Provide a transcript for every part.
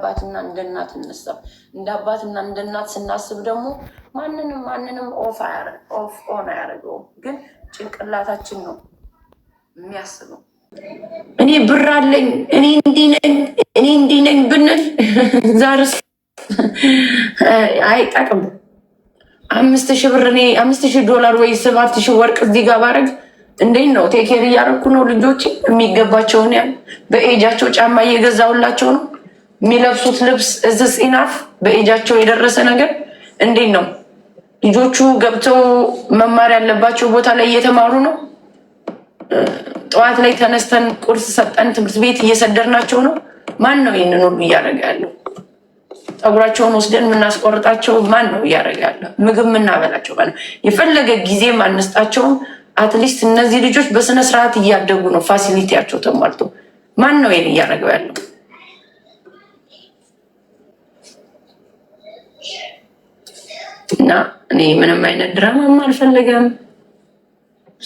አባትና እንደ እናት እነሳም እንደ አባትና እንደ እናት ስናስብ ደግሞ ማንንም ማንንም ኦፍ ኦን አያደርገውም፣ ግን ጭንቅላታችን ነው የሚያስበው። እኔ ብር አለኝ እኔ እንዲነኝ እኔ እንዲነኝ ብንል ዛርስ አይጠቅም። አምስት ሺህ ብር እኔ አምስት ሺህ ዶላር ወይ ሰባት ሺህ ወርቅ እዚህ ጋር ባረግ እንዴት ነው ቴኬር እያረኩ ነው። ልጆች የሚገባቸውን ያ በኤጃቸው ጫማ እየገዛሁላቸው ነው። የሚለብሱት ልብስ እዝስ ኢናፍ በእጃቸው የደረሰ ነገር እንዴት ነው? ልጆቹ ገብተው መማር ያለባቸው ቦታ ላይ እየተማሩ ነው። ጠዋት ላይ ተነስተን ቁርስ ሰጠን ትምህርት ቤት እየሰደርናቸው ነው። ማን ነው ይህንን ሁሉ እያደረገ ያለው? ጠጉራቸውን ወስደን የምናስቆርጣቸው ማን ነው እያደረገ ያለው? ምግብ የምናበላቸው ማ የፈለገ ጊዜ ማንስጣቸውም። አትሊስት እነዚህ ልጆች በስነስርዓት እያደጉ ነው። ፋሲሊቲያቸው ተሟልቶ ማን ነው ይህን እያደረገው ያለው? እና እኔ ምንም አይነት ድራማም አልፈልግም።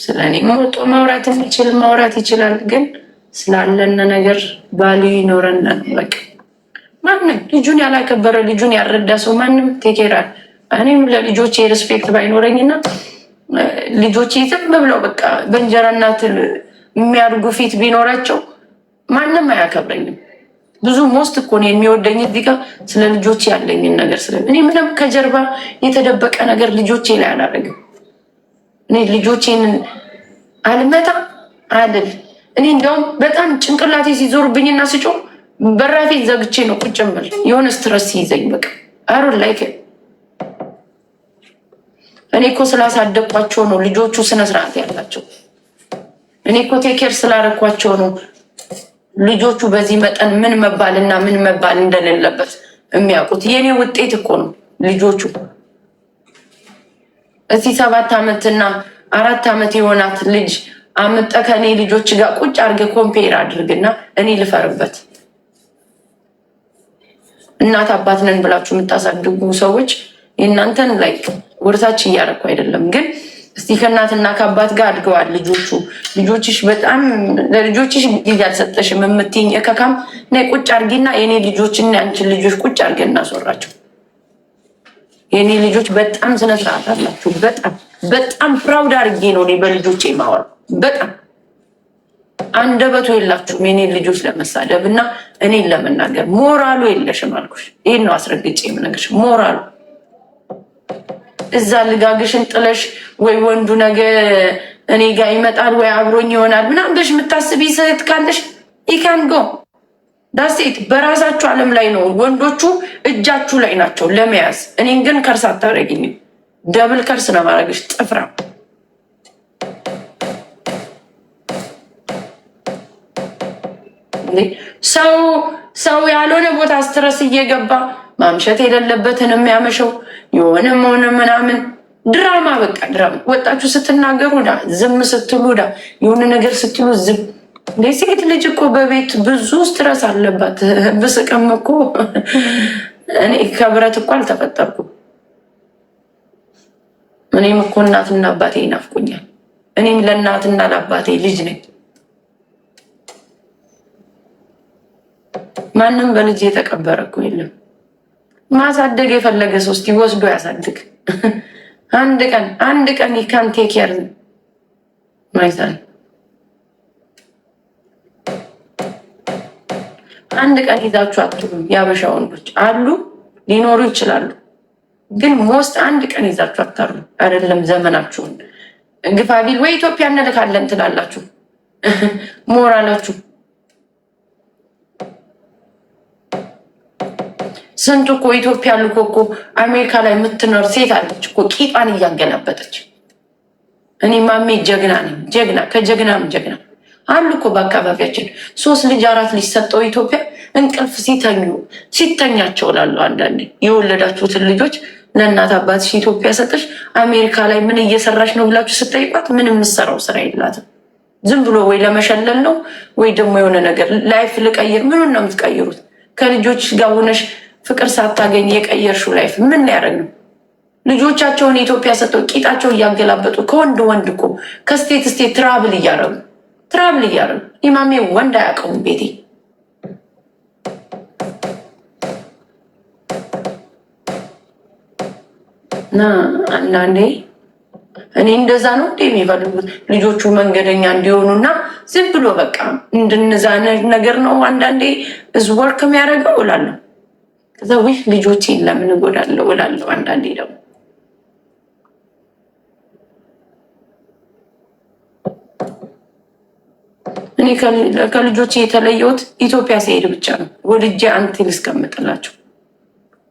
ስለ እኔ ወጦ ማውራት የሚችል ማውራት ይችላል፣ ግን ስላለነ ነገር ባሉ ይኖረናል። በቃ ማንም ልጁን ያላከበረ ልጁን ያረዳ ሰው ማንም ቴኬራል። እኔም ለልጆቼ ሪስፔክት ባይኖረኝና ልጆቼ ዝም ብለው በቃ በእንጀራ እናት የሚያድጉ ፊት ቢኖራቸው ማንም አያከብረኝም። ብዙ ሞስት እኮ ነው የሚወደኝ እዚህ ጋር ስለ ልጆች ያለኝን ነገር ስለ እኔ ምንም ከጀርባ የተደበቀ ነገር ልጆቼ ላይ አላደረግም። እኔ ልጆቼን አልመጣ አልል። እኔ እንዲያውም በጣም ጭንቅላቴ ሲዞርብኝና ስጮ በራፌ ዘግቼ ነው ቁጭ ብል የሆነ ስትረስ ሲይዘኝ በቃ አሮን ላይ እኔ እኮ ስላሳደግኳቸው ነው ልጆቹ ስነስርዓት ያላቸው። እኔ እኮ ቴኬር ስላረኳቸው ነው ልጆቹ በዚህ መጠን ምን መባል እና ምን መባል እንደሌለበት የሚያውቁት የኔ ውጤት እኮ ነው። ልጆቹ እስቲ ሰባት ዓመትና አራት ዓመት የሆናት ልጅ አምጠ ከእኔ ልጆች ጋር ቁጭ አድርገ ኮምፔር አድርግና እኔ ልፈርበት። እናት አባት ነን ብላችሁ የምታሳድጉ ሰዎች የእናንተን ላይ ውርሳች እያደረኩ አይደለም ግን እስቲ ከእናትና ከአባት ጋር አድገዋል ልጆቹ። ልጆችሽ በጣም ለልጆችሽ ጊዜ አልሰጠሽም የምትይኝ እከካም ና ቁጭ አርጊና የኔ ልጆችና ያንቺን ልጆች ቁጭ አርገ እናስወራቸው። የኔ ልጆች በጣም ስነስርዓት አላችሁ። በጣም በጣም ፕራውድ አርጌ ነው እኔ በልጆች የማወራው። በጣም አንደበቱ የላችሁም የኔ ልጆች ለመሳደብ እና እኔን ለመናገር ሞራሉ የለሽም አልኩሽ። ይህን ነው አስረግጬ የምነግርሽ ሞራሉ እዛ ልጋግሽን ጥለሽ ወይ ወንዱ ነገ እኔ ጋ ይመጣል ወይ አብሮኝ ይሆናል ምናምን ብለሽ የምታስቢ ሴት ካለሽ ኢካን ጎ ዳሴት በራሳችሁ ዓለም ላይ ነው። ወንዶቹ እጃችሁ ላይ ናቸው ለመያዝ። እኔን ግን ከርስ አታደርጊኝም። ደብል ከርስ ነው ማድረግሽ ጥፍራ ሰው ሰው ያልሆነ ቦታ ስትረስ እየገባ ማምሸት የሌለበትን የሚያመሸው የሆነ ሆነ ምናምን ድራማ በቃ ድራማ። ወጣችሁ ስትናገሩ ዳ ዝም ስትሉ ዳ የሆነ ነገር ስትሉ ዝም። እንደ ሴት ልጅ እኮ በቤት ብዙ ስትረስ አለባት። ብስቅም እኮ እኔ ከብረት እኮ አልተፈጠርኩም። እኔም እኮ እናትና አባቴ ይናፍቁኛል። እኔም ለእናትና ለአባቴ ልጅ ነኝ። ማንም በልጅ የተቀበረ እኮ የለም። ማሳደግ የፈለገ ሰው እስኪ ወስዶ ያሳድግ። አንድ ቀን አንድ ቀን ይካን ቴኬር ማይሰን አንድ ቀን ይዛችሁ አትሉም። የአበሻ ወንዶች አሉ ሊኖሩ ይችላሉ፣ ግን ሞስት አንድ ቀን ይዛችሁ አታሉ አይደለም። ዘመናችሁን ቢል ወይ ኢትዮጵያ እንልካለን ትላላችሁ ሞራላችሁ ስንቱ እኮ ኢትዮጵያ ልኮ እኮ አሜሪካ ላይ የምትኖር ሴት አለች እኮ ቂጣን እያገላበጠች። እኔ ማሜ ጀግና ነኝ፣ ጀግና ከጀግናም ጀግና አሉ እኮ በአካባቢያችን ሶስት ልጅ አራት ልጅ ሰጠው ኢትዮጵያ እንቅልፍ ሲተኙ ሲተኛቸው ላሉ አንዳንዴ የወለዳችሁትን ልጆች ለእናት አባትሽ ኢትዮጵያ ሰጠሽ አሜሪካ ላይ ምን እየሰራች ነው ብላችሁ ስጠይቋት ምን የምሰራው ስራ የላትም። ዝም ብሎ ወይ ለመሸለል ነው ወይ ደግሞ የሆነ ነገር ላይፍ ልቀይር። ምኑን ነው የምትቀይሩት? ከልጆች ጋር ሆነሽ ፍቅር ሳታገኝ የቀየርሽው ላይፍ ምን ያደረግ ነው? ልጆቻቸውን የኢትዮጵያ ሰጠው ቂጣቸው እያገላበጡ ከወንድ ወንድ እኮ ከስቴት ስቴት ትራብል እያደረጉ ትራብል እያደረጉ ኢማሜ ወንድ አያውቀውም ቤቴ እና አንዳንዴ እኔ እንደዛ ነው እንዴ የሚፈልጉት ልጆቹ መንገደኛ እንዲሆኑና ዝም ብሎ በቃ እንድንዛ ነገር ነው አንዳንዴ እዝ ወርክ የሚያደርገው እላለሁ። ከዛ ውይ ልጆቼን ለምን እጎዳለሁ እላለሁ። አንዳንዴ ደግሞ እኔ ከልጆቼ የተለየሁት ኢትዮጵያ ሲሄድ ብቻ ነው። ወልጄ አንቲል እስከምጥላቸው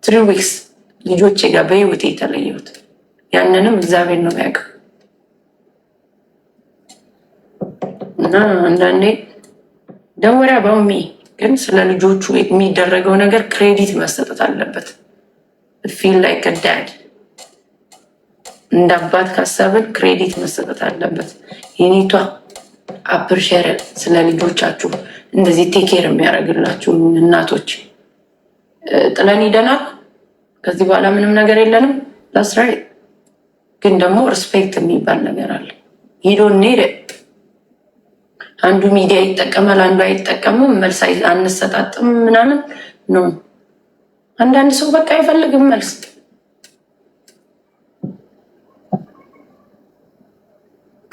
ትሪ ዊክስ ልጆቼ ጋር በህይወቴ የተለየሁት ያንንም እግዚአብሔር ነው ያውቅ እና አንዳንዴ ደወሪያ በሚ ግን ስለ ልጆቹ የሚደረገው ነገር ክሬዲት መሰጠት አለበት። ፊል ላይክ ዳድ እንደ አባት ካሰብን ክሬዲት መሰጠት አለበት። የኔቷ አፕርሸር ስለ ልጆቻችሁ እንደዚህ ቴኬር የሚያደርግላችሁ እናቶች ጥለን ሂደናል። ከዚህ በኋላ ምንም ነገር የለንም። ዳትስ ግን ደግሞ ሪስፔክት የሚባል ነገር አለ። ሂዶ አንዱ ሚዲያ ይጠቀማል፣ አንዱ አይጠቀምም፣ መልስ አንሰጣጥም ምናምን ነው። አንዳንድ ሰው በቃ አይፈልግም መልስ።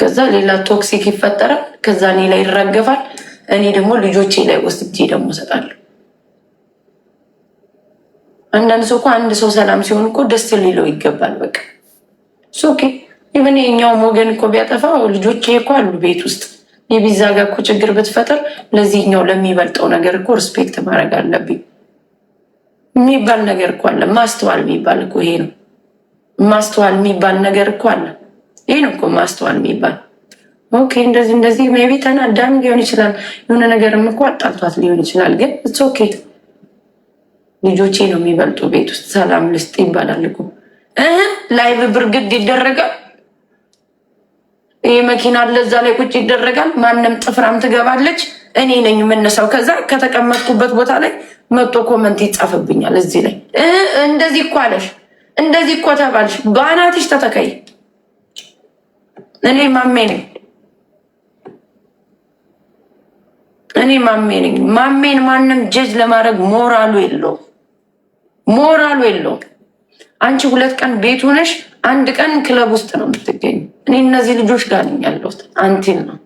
ከዛ ሌላ ቶክሲክ ይፈጠራል። ከዛ እኔ ላይ ይራገፋል። እኔ ደግሞ ልጆቼ ላይ ወስጄ ደግሞ እሰጣለሁ። አንዳንድ ሰው እኮ አንድ ሰው ሰላም ሲሆን እኮ ደስ ሊለው ይገባል። በቃ ሶኬ ኢቨን የኛውም ወገን እኮ ቢያጠፋ ልጆቼ እኮ አሉ ቤት ውስጥ የቪዛ ጋር እኮ ችግር ብትፈጥር ለዚህኛው ለሚበልጠው ነገር እኮ ሪስፔክት ማድረግ አለብኝ የሚባል ነገር እኮ አለ። ማስተዋል የሚባል እኮ ይሄ ነው። ማስተዋል የሚባል ነገር እኮ አለ። ይሄ ነው እኮ ማስተዋል የሚባል ኦኬ። እንደዚህ እንደዚህ ሜቢ ተናዳም ሊሆን ይችላል። የሆነ ነገርም እኮ አጣልቷት ሊሆን ይችላል። ግን እትስ ኦኬ። ልጆቼ ነው የሚበልጡ ቤት ውስጥ ሰላም ልስጥ ይባላል እኮ ላይቭ ብርግድ ይደረጋል። ይህ መኪና አለ፣ እዛ ላይ ቁጭ ይደረጋል። ማንም ጥፍራም ትገባለች። እኔ ነኝ የምነሳው። ከዛ ከተቀመጥኩበት ቦታ ላይ መጥቶ ኮመንት ይጻፍብኛል። እዚህ ላይ እንደዚህ እኮ አለሽ፣ እንደዚህ እኮ ተባልሽ፣ በአናትሽ ተተከይ። እኔ ማሜ ነኝ፣ እኔ ማሜ ነኝ። ማሜን ማንም ጀጅ ለማድረግ ሞራሉ የለውም፣ ሞራሉ የለውም። አንቺ ሁለት ቀን ቤት ሆነሽ አንድ ቀን ክለብ ውስጥ ነው የምትገኝ። እኔ እነዚህ ልጆች ጋር ነኝ ያለሁት። አንቲን ነው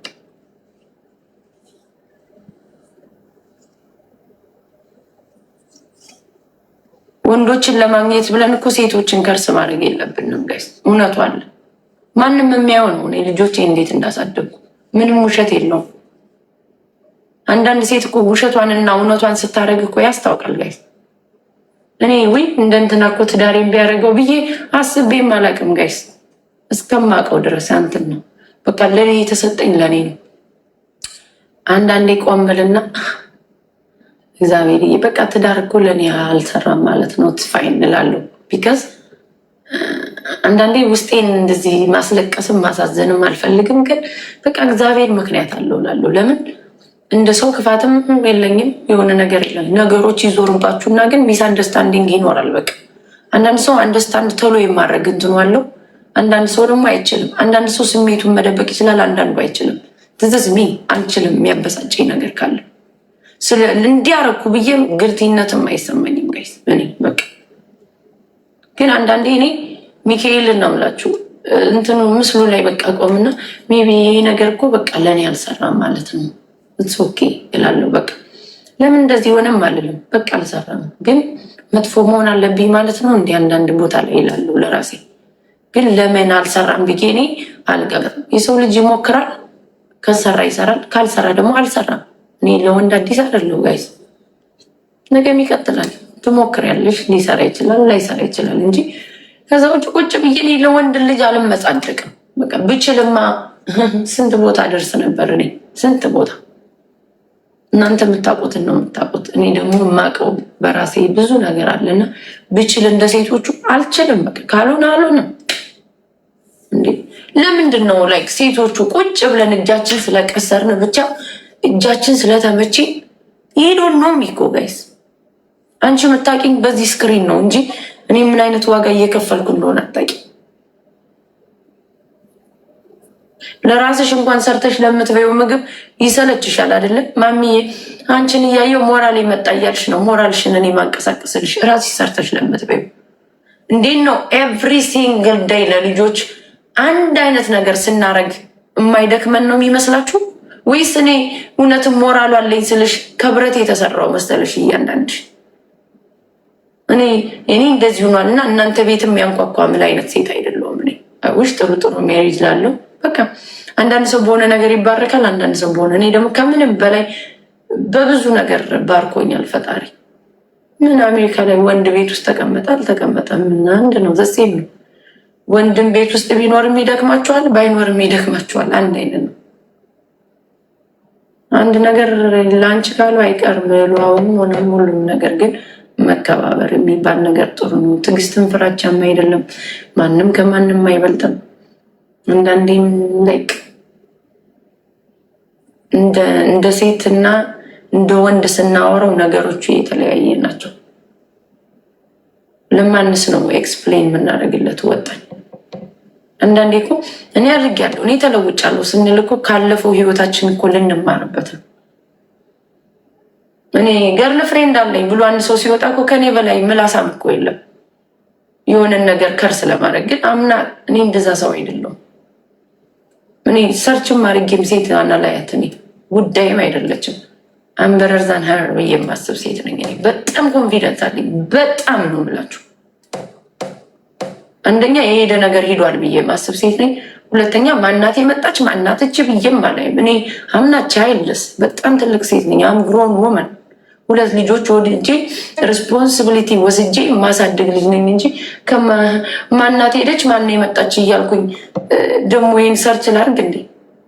ወንዶችን ለማግኘት ብለን እኮ ሴቶችን ከርስ ማድረግ የለብንም ጋይስ። እውነቱ አለ ማንም የሚያየው ነው። እኔ ልጆቼ እንዴት እንዳሳደጉ ምንም ውሸት የለውም። አንዳንድ ሴት እኮ ውሸቷንና እውነቷን ስታደርግ እኮ ያስታውቃል ጋይስ። እኔ ወይ እንደንትና እንትና እኮ ትዳሬን ቢያደርገው ብዬ አስቤም ማላቅም ጋይስ እስከማውቀው ድረስ አንትን ነው በቃ ለእኔ የተሰጠኝ ለእኔ ነው። አንዳንዴ ቆምልና እግዚአብሔር በቃ ትዳር እኮ ለእኔ አልሰራም ማለት ነው ትፋይ እላለሁ። ቢካዝ አንዳንዴ ውስጤን እንደዚህ ማስለቀስም ማሳዘንም አልፈልግም፣ ግን በቃ እግዚአብሔር ምክንያት አለው እላለሁ ለምን እንደ ሰው ክፋትም የለኝም፣ የሆነ ነገር የለም። ነገሮች እና ግን ሚስ አንደርስታንዲንግ ይኖራል። በቃ አንዳንድ ሰው አንደርስታንድ ተሎ የማድረግ እንትኑ አለው፣ አንዳንድ ሰው ደግሞ አይችልም። አንዳንድ ሰው ስሜቱን መደበቅ ይችላል፣ አንዳንዱ አይችልም። ትዝዝ ሚ አልችልም፣ የሚያበሳጨኝ ነገር ካለ እንዲያረኩ ብዬ ግርቲነትም አይሰማኝም። ጋይስ እኔ በቃ ግን አንዳንዴ እኔ ሚካኤል ነው እንትኑ ምስሉ ላይ በቃ ቆምና ሜቢ ይሄ ነገር እኮ በቃ ለእኔ አልሰራም ማለት ነው ኦኬ እላለሁ። በቃ ለምን እንደዚህ ሆነም አልልም። በቃ አልሰራም፣ ግን መጥፎ መሆን አለብኝ ማለት ነው እንዲህ አንዳንድ ቦታ ላይ ይላሉ ለራሴ። ግን ለምን አልሰራም ብዬ እኔ አልገብም። የሰው ልጅ ይሞክራል፣ ከሰራ ይሰራል፣ ካልሰራ ደግሞ አልሰራም። እኔ ለወንድ አዲስ አይደለሁ ጋይስ፣ ነገም ይቀጥላል። ትሞክሪያለሽ፣ ሊሰራ ይችላል፣ ላይሰራ ይችላል እንጂ ከዛ ውጭ ቁጭ ብዬ እኔ ለወንድ ልጅ አልመጻደቅም። በቃ ብችልማ ስንት ቦታ ደርስ ነበር እኔ ስንት ቦታ እናንተ የምታውቁትን ነው የምታውቁት። እኔ ደግሞ የማውቀው በራሴ ብዙ ነገር አለና ብችል እንደ ሴቶቹ አልችልም። በቃ ካልሆነ አልሆነ እንዴ ለምንድን ነው ላይክ ሴቶቹ ቁጭ ብለን እጃችን ስለቀሰርን ብቻ እጃችን ስለተመቼ ይሄዶን ነው ሚኮ ጋይስ፣ አንቺ የምታውቂኝ በዚህ ስክሪን ነው እንጂ እኔ ምን አይነት ዋጋ እየከፈልኩ እንደሆነ አታውቂም። ለራስሽ እንኳን ሰርተሽ ለምትበይው ምግብ ይሰለችሻል አይደለም? ማሚዬ አንቺን እያየው ሞራል የመጣ እያልሽ ነው። ሞራልሽን እኔ ማንቀሳቀስልሽ ራስሽ ሰርተሽ ለምትበዩ እንዴት ነው? ኤቭሪ ሲንግል ደይ ለልጆች አንድ አይነት ነገር ስናረግ የማይደክመን ነው የሚመስላችሁ ወይስ እኔ እውነትም ሞራሉ አለኝ ስልሽ ከብረት የተሰራው መሰለሽ? እያንዳንድ እኔ እኔ እንደዚህ ሆኗል እና እናንተ ቤትም ያንኳኳ ምን አይነት ሴት አይደለሁም። ውሽ ጥሩ ጥሩ ሜሪጅ ላለው በቃ አንዳንድ ሰው በሆነ ነገር ይባረካል፣ አንዳንድ ሰው በሆነ እኔ ደግሞ ከምንም በላይ በብዙ ነገር ባርኮኛል ፈጣሪ። ምን አሜሪካ ላይ ወንድ ቤት ውስጥ ተቀመጠ አልተቀመጠም አንድ ነው፣ ዘሴም ነው። ወንድም ቤት ውስጥ ቢኖርም ይደክማቸዋል ባይኖርም ይደክማቸዋል አንድ አይነት ነው። አንድ ነገር ለአንቺ ካሉ አይቀርም ለአሁኑ ሆነ ሁሉም ነገር ግን መከባበር የሚባል ነገር ጥሩ ነው። ትዕግስትም ፍራቻም አይደለም። ማንም ከማንም አይበልጥም። አንዳንዴም ላይክ እንደ ሴትና እንደ ወንድ ስናወረው ነገሮቹ የተለያየ ናቸው። ለማንስ ነው ኤክስፕሌን የምናደርግለት? ወጣኝ አንዳንዴ እኮ እኔ አድርጌያለሁ እኔ ተለውጫለሁ ስንል እኮ ካለፈው ህይወታችን እኮ ልንማርበት ነው። እኔ ገርል ፍሬንድ አለኝ ብሎ አንድ ሰው ሲወጣ እኮ ከኔ በላይ ምላሳም እኮ የለም የሆነን ነገር ከርስ ለማድረግ ግን አምና እኔ እንደዛ ሰው አይደለሁም። እኔ ሰርችም አድርጌም ሴት አናላያት እኔ ጉዳይም አይደለችም። አንበረርዛን ሀረር ብዬ የማስብ ሴት ነኝ። በጣም ኮንፊደንስ አለኝ። በጣም ነው ብላችሁ አንደኛ የሄደ ነገር ሂዷል ብዬ የማስብ ሴት ነኝ። ሁለተኛ ማናት የመጣች ማናትች ብዬም አላይም። እኔ አምናች አይልስ በጣም ትልቅ ሴት ነኝ። አም ግሮን ወመን ሁለት ልጆች ወድጄ ሪስፖንሲቢሊቲ ወስጄ የማሳደግ ልጅ ነኝ እንጂ ማናት ሄደች ማና የመጣች እያልኩኝ ደግሞ ይህን ሰርች ላርግ እንዴ?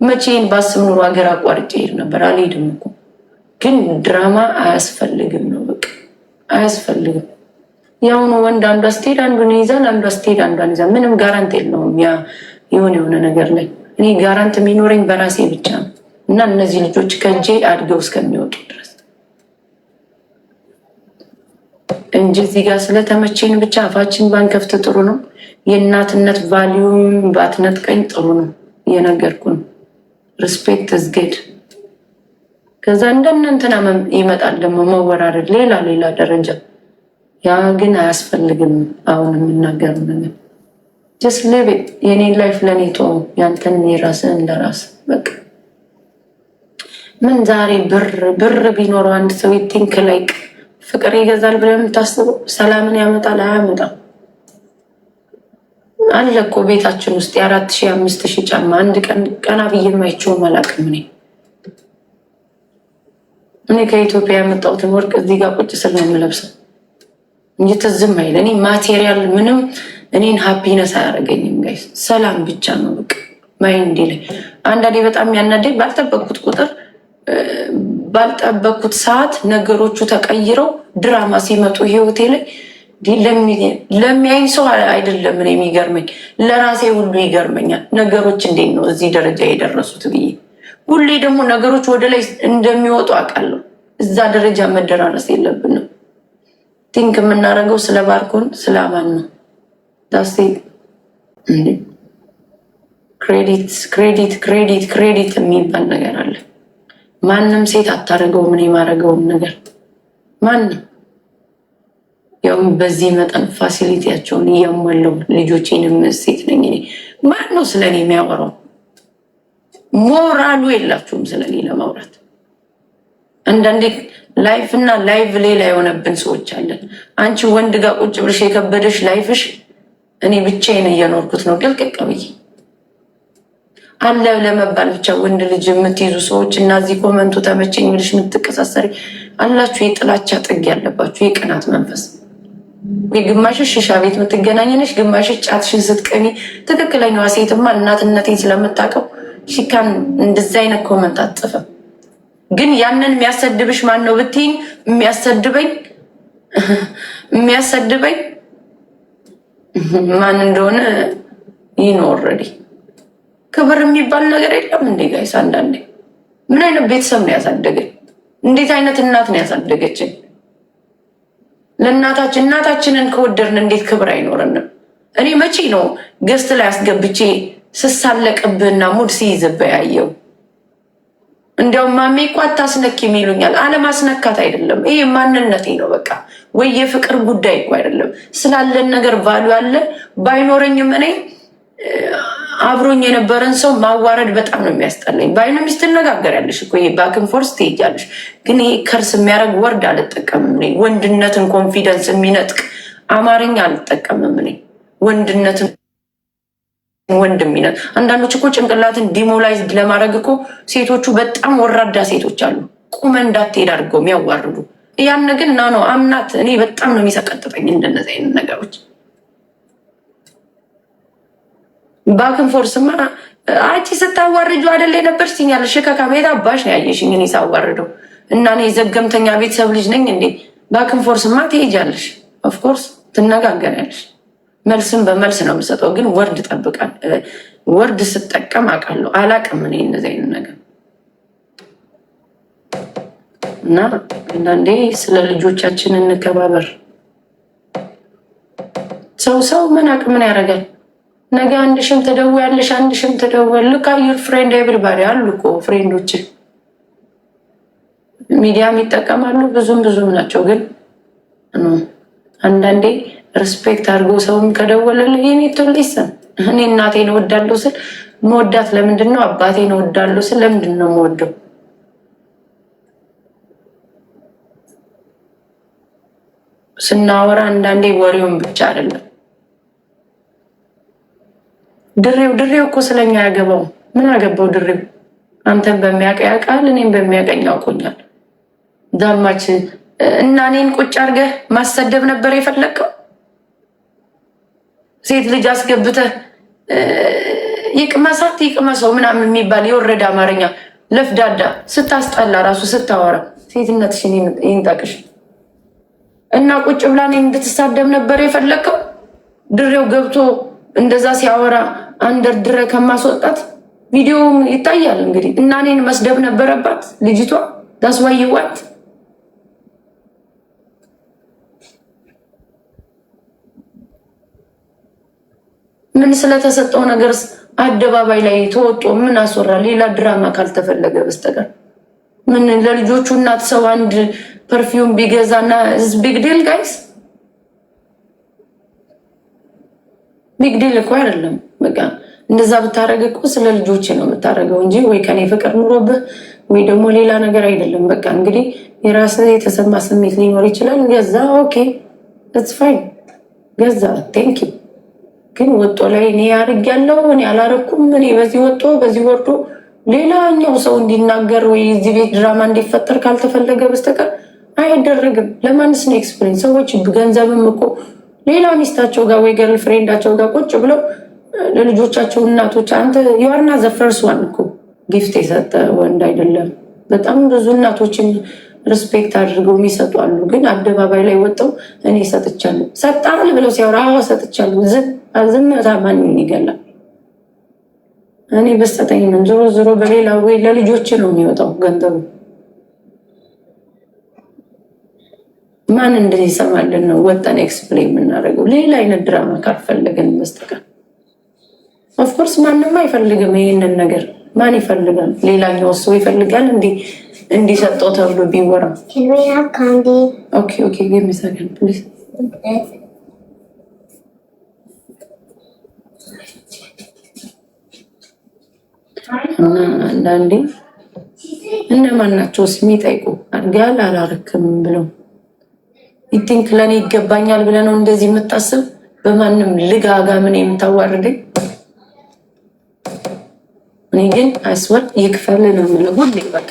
መቼን ባስብ ኑሮ ሀገር አቋርጬ ሄድ ነበር። አልሄድም እኮ ግን ድራማ አያስፈልግም ነው በቃ አያስፈልግም። የአሁኑ ወንድ አንዷ ስትሄድ አንዱን ይዛል፣ አንዷ ስትሄድ አንዷን ይዛል። ምንም ጋራንት የለውም ያ የሆነ የሆነ ነገር ላይ እኔ ጋራንት የሚኖረኝ በራሴ ብቻ ነው እና እነዚህ ልጆች ከእጄ አድገው እስከሚወጡ ድረስ እንጂ እዚህ ጋር ስለተመቼን ብቻ አፋችን ባንከፍት ጥሩ ነው። የእናትነት ቫሊዩም ቀኝ ጥሩ ነው። ነው። ሪስፔክት እዝጌድ ከዛ እንደነንትና ይመጣል ደግሞ መወራረድ፣ ሌላ ሌላ ደረጃ። ያ ግን አያስፈልግም። አሁን የምናገር ነገር ጀስ ሊቭ የኔን ላይፍ ለኔ ያንተን የራስ እንደራስ በቃ። ምን ዛሬ ብር ብር ቢኖረው አንድ ሰው ቲንክ ላይክ ፍቅር ይገዛል ብለን የምታስበው ሰላምን ያመጣል አያመጣም። አለ እኮ ቤታችን ውስጥ የአራት ሺህ አምስት ሺህ ጫማ አንድ ቀን ቀና ብዬ ማይቸውም መላቅ እኔ እኔ ከኢትዮጵያ ያመጣሁትን ወርቅ እዚህ ጋር ቁጭ ስል ነው የምለብሰው እንጂ ትዝም አይል። እኔ ማቴሪያል ምንም እኔን ሀፒነስ አያደርገኝም። ጋይ ሰላም ብቻ ነው በቃ እንዲ ላይ አንዳንዴ በጣም ያናደኝ ባልጠበቅኩት ቁጥር ባልጠበኩት ሰዓት ነገሮቹ ተቀይረው ድራማ ሲመጡ ህይወቴ ላይ ለሚያይ ሰው አይደለም የሚገርመኝ፣ ለራሴ ሁሉ ይገርመኛል። ነገሮች እንዴት ነው እዚህ ደረጃ የደረሱት ብዬ ሁሌ ደግሞ ነገሮች ወደ ላይ እንደሚወጡ አውቃለሁ። እዛ ደረጃ መደራረስ የለብንም። ቲንክ የምናደርገው ስለ ባርኮን ስለ አማን ነው። ዳስቴ ክሬዲት ክሬዲት ክሬዲት ክሬዲት የሚባል ነገር አለ። ማንም ሴት አታደርገው ምን የማደርገውን ነገር ማንም ያውም በዚህ መጠን ፋሲሊቲያቸውን እያሟለው ልጆቼንም ሴት ነኝ እኔ። ማን ነው ስለ እኔ የሚያወራው? ሞራሉ የላችሁም ስለ እኔ ለማውራት። አንዳንዴ ላይፍ እና ላይቭ ሌላ የሆነብን ሰዎች አለን። አንቺ ወንድ ጋር ቁጭ ብለሽ የከበደሽ ላይፍሽ፣ እኔ ብቻዬን እየኖርኩት ነው ቅልቅቅ ብዬ አለ ለመባል ብቻ ወንድ ልጅ የምትይዙ ሰዎች እና እዚህ ኮመንቱ ተመቸኝ የሚልሽ የምትቀሳሰሪ አላችሁ። የጥላቻ ጥግ ያለባችሁ የቅናት መንፈስ ግማሽ ሽሻ ቤት የምትገናኝነሽ፣ ግማሽ ጫትሽን ስትቀሚ። ትክክለኛዋ ሴትማ እናትነቴን ስለምታውቀው ሽካን እንደዚህ አይነት ኮመንት አትጽፍም። ግን ያንን የሚያሰድብሽ ማን ነው ብትይኝ፣ የሚያሰድበኝ የሚያሰድበኝ ማን እንደሆነ ይኖር ክብር የሚባል ነገር የለም እንዴ ጋይስ? አንዳንዴ ምን አይነት ቤተሰብ ነው ያሳደገኝ? እንዴት አይነት እናት ነው ያሳደገችን? ለእናታችን እናታችንን ከወደድን እንዴት ክብር አይኖረንም? እኔ መቼ ነው ገስት ላይ አስገብቼ ስሳለቅብህና ሙድ ሲይዝብህ ያየው? እንዲያውም ማሜ እኮ አታስነኪም ይሉኛል። አለማስነካት አይደለም፣ ይሄ ማንነቴ ነው። በቃ ወይ የፍቅር ጉዳይ እኮ አይደለም። ስላለን ነገር ባሉ አለ ባይኖረኝም እኔ አብሮኝ የነበረን ሰው ማዋረድ በጣም ነው የሚያስጠላኝ። በአይነ ሚስት ትነጋገሪያለሽ እኮ ባክን ፎርስ ትሄጃለሽ፣ ግን ይሄ ከርስ የሚያደርግ ወርድ አልጠቀምም እኔ። ወንድነትን ኮንፊደንስ የሚነጥቅ አማርኛ አልጠቀምም እኔ። ወንድነትን ወንድ የሚነ አንዳንዶች እኮ ጭንቅላትን ዲሞላይዝድ ለማድረግ እኮ ሴቶቹ በጣም ወራዳ ሴቶች አሉ፣ ቁመ እንዳትሄድ አድርገው የሚያዋርዱ ያን ግን ና ነው አምናት። እኔ በጣም ነው የሚሰቀጥጠኝ እንደነዚህ አይነት ነገሮች። ባክን ባክንፎርስማ አንቺ ስታዋርጁ አደለ የነበር ሲኛለሽ። ከካሜራ አባሽ ነው ያየሽኝ እኔ ሳዋርደው እና እኔ የዘገምተኛ ቤተሰብ ልጅ ነኝ እንዴ? ባክን ባክንፎርስማ ትሄጃለሽ፣ ኦፍኮርስ ትነጋገሪያለሽ። መልስም በመልስ ነው የምሰጠው፣ ግን ወርድ ጠብቃል። ወርድ ስጠቀም አውቃለሁ። አላቅም እኔ እነዚህ አይነት ነገር እና አንዳንዴ ስለ ልጆቻችን እንከባበር። ሰው ሰው ምን አቅምን ያደርጋል? ነገ አንድ ሽም ያለሽ አንድ ሽም ትደውያለሽ። ልካ ዩር ፍሬንድ ኤቭሪባዲ አሉ እኮ ፍሬንዶች፣ ሚዲያም ይጠቀማሉ ብዙም ብዙም ናቸው። ግን አንዳንዴ ሪስፔክት አድርጎ ሰውም ከደወለልህ የኔ ቶሊስን እኔ እናቴን እወዳለሁ ስል መወዳት ለምንድን ነው? አባቴን እወዳለሁ ስል ለምንድን ነው መወደው? ስናወራ አንዳንዴ ወሬውን ብቻ አይደለም ድሬው ድሬው እኮ ስለኛ ያገባው ምን አገባው ድሬው? አንተን በሚያቀ ያውቃል፣ እኔም በሚያቀኝ ያውቆኛል። ዳማች እና እኔን ቁጭ አድርገህ ማሰደብ ነበር የፈለግከው? ሴት ልጅ አስገብተህ ይቅመሳት ይቅመሰው ምናምን የሚባል የወረደ አማርኛ ለፍዳዳ ስታስጠላ ራሱ ስታወራ ሴትነትሽን ይንጠቅሽ እና ቁጭ ብላ እኔን እንድትሳደብ ነበር የፈለግከው? ድሬው ገብቶ እንደዛ ሲያወራ አንደርድረ ከማስወጣት ቪዲዮ ይታያል እንግዲህ እና እኔን መስደብ ነበረባት ልጅቷ ዳስዋይዋት ምን ስለተሰጠው ነገር አደባባይ ላይ ተወጦ ምን አስወራ? ሌላ ድራማ ካልተፈለገ በስተቀር ምን ለልጆቹ እናት ሰው አንድ ፐርፊውም ቢገዛና ቢግዴል ጋይስ ቢግዲል እኮ አይደለም። በቃ እንደዛ ብታደረግ እኮ ስለ ልጆች ነው የምታደረገው እንጂ ወይ ከኔ ፍቅር ኑሮብህ ወይ ደግሞ ሌላ ነገር አይደለም። በቃ እንግዲህ የራስ የተሰማ ስሜት ሊኖር ይችላል። ገዛ ኦኬ ኢትስ ፋይን ገዛ ቴንኪ። ግን ወጦ ላይ እኔ ያርግ ያለው እኔ አላረኩም እኔ በዚህ ወጦ በዚህ ወርዶ ሌላኛው ሰው እንዲናገር ወይ እዚህ ቤት ድራማ እንዲፈጠር ካልተፈለገ በስተቀር አይደረግም። ለማንስ ነው ኤክስፕሬንስ ሰዎች ገንዘብም እኮ ሌላ ሚስታቸው ጋር ወይ ገርል ፍሬንዳቸው ጋር ቁጭ ብለው ለልጆቻቸው እናቶች አንተ የዋርና ዘፈርስ ዋን እኮ ጊፍት የሰጠ ወንድ አይደለም። በጣም ብዙ እናቶችን ሪስፔክት አድርገው የሚሰጡ አሉ። ግን አደባባይ ላይ ወጥተው እኔ ሰጥቻለሁ ሰጣል ብለው ሲያወራ ሰጥቻለሁ፣ ዝምታ ማንን ይገላል? እኔ በስተጠኝ ዞሮ ዞሮ በሌላ ወይ ለልጆች ነው የሚወጣው ገንዘቡ። ማን እንደዚህ ይሰማልን ነው ወጣን ኤክስፕሌን የምናደርገው። ሌላ አይነት ድራማ ካልፈለገን በስተቀር ኦፍኮርስ ማንም አይፈልግም ይህንን ነገር። ማን ይፈልጋል? ሌላኛው ሰው ይፈልጋል እንዲ እንዲሰጠው ተብሎ ቢወራ አንዳንዴ እነማን ናቸው ስሜ ጠይቁ አድርጋል አላረክም ብለው ይቲንክ ለእኔ ይገባኛል ብለህ ነው እንደዚህ የምታስብ? በማንም ልጋጋ ምን የምታዋርደኝ እኔ ግን አስወር ይክፈል ነው የምለው ሁሌ በቃ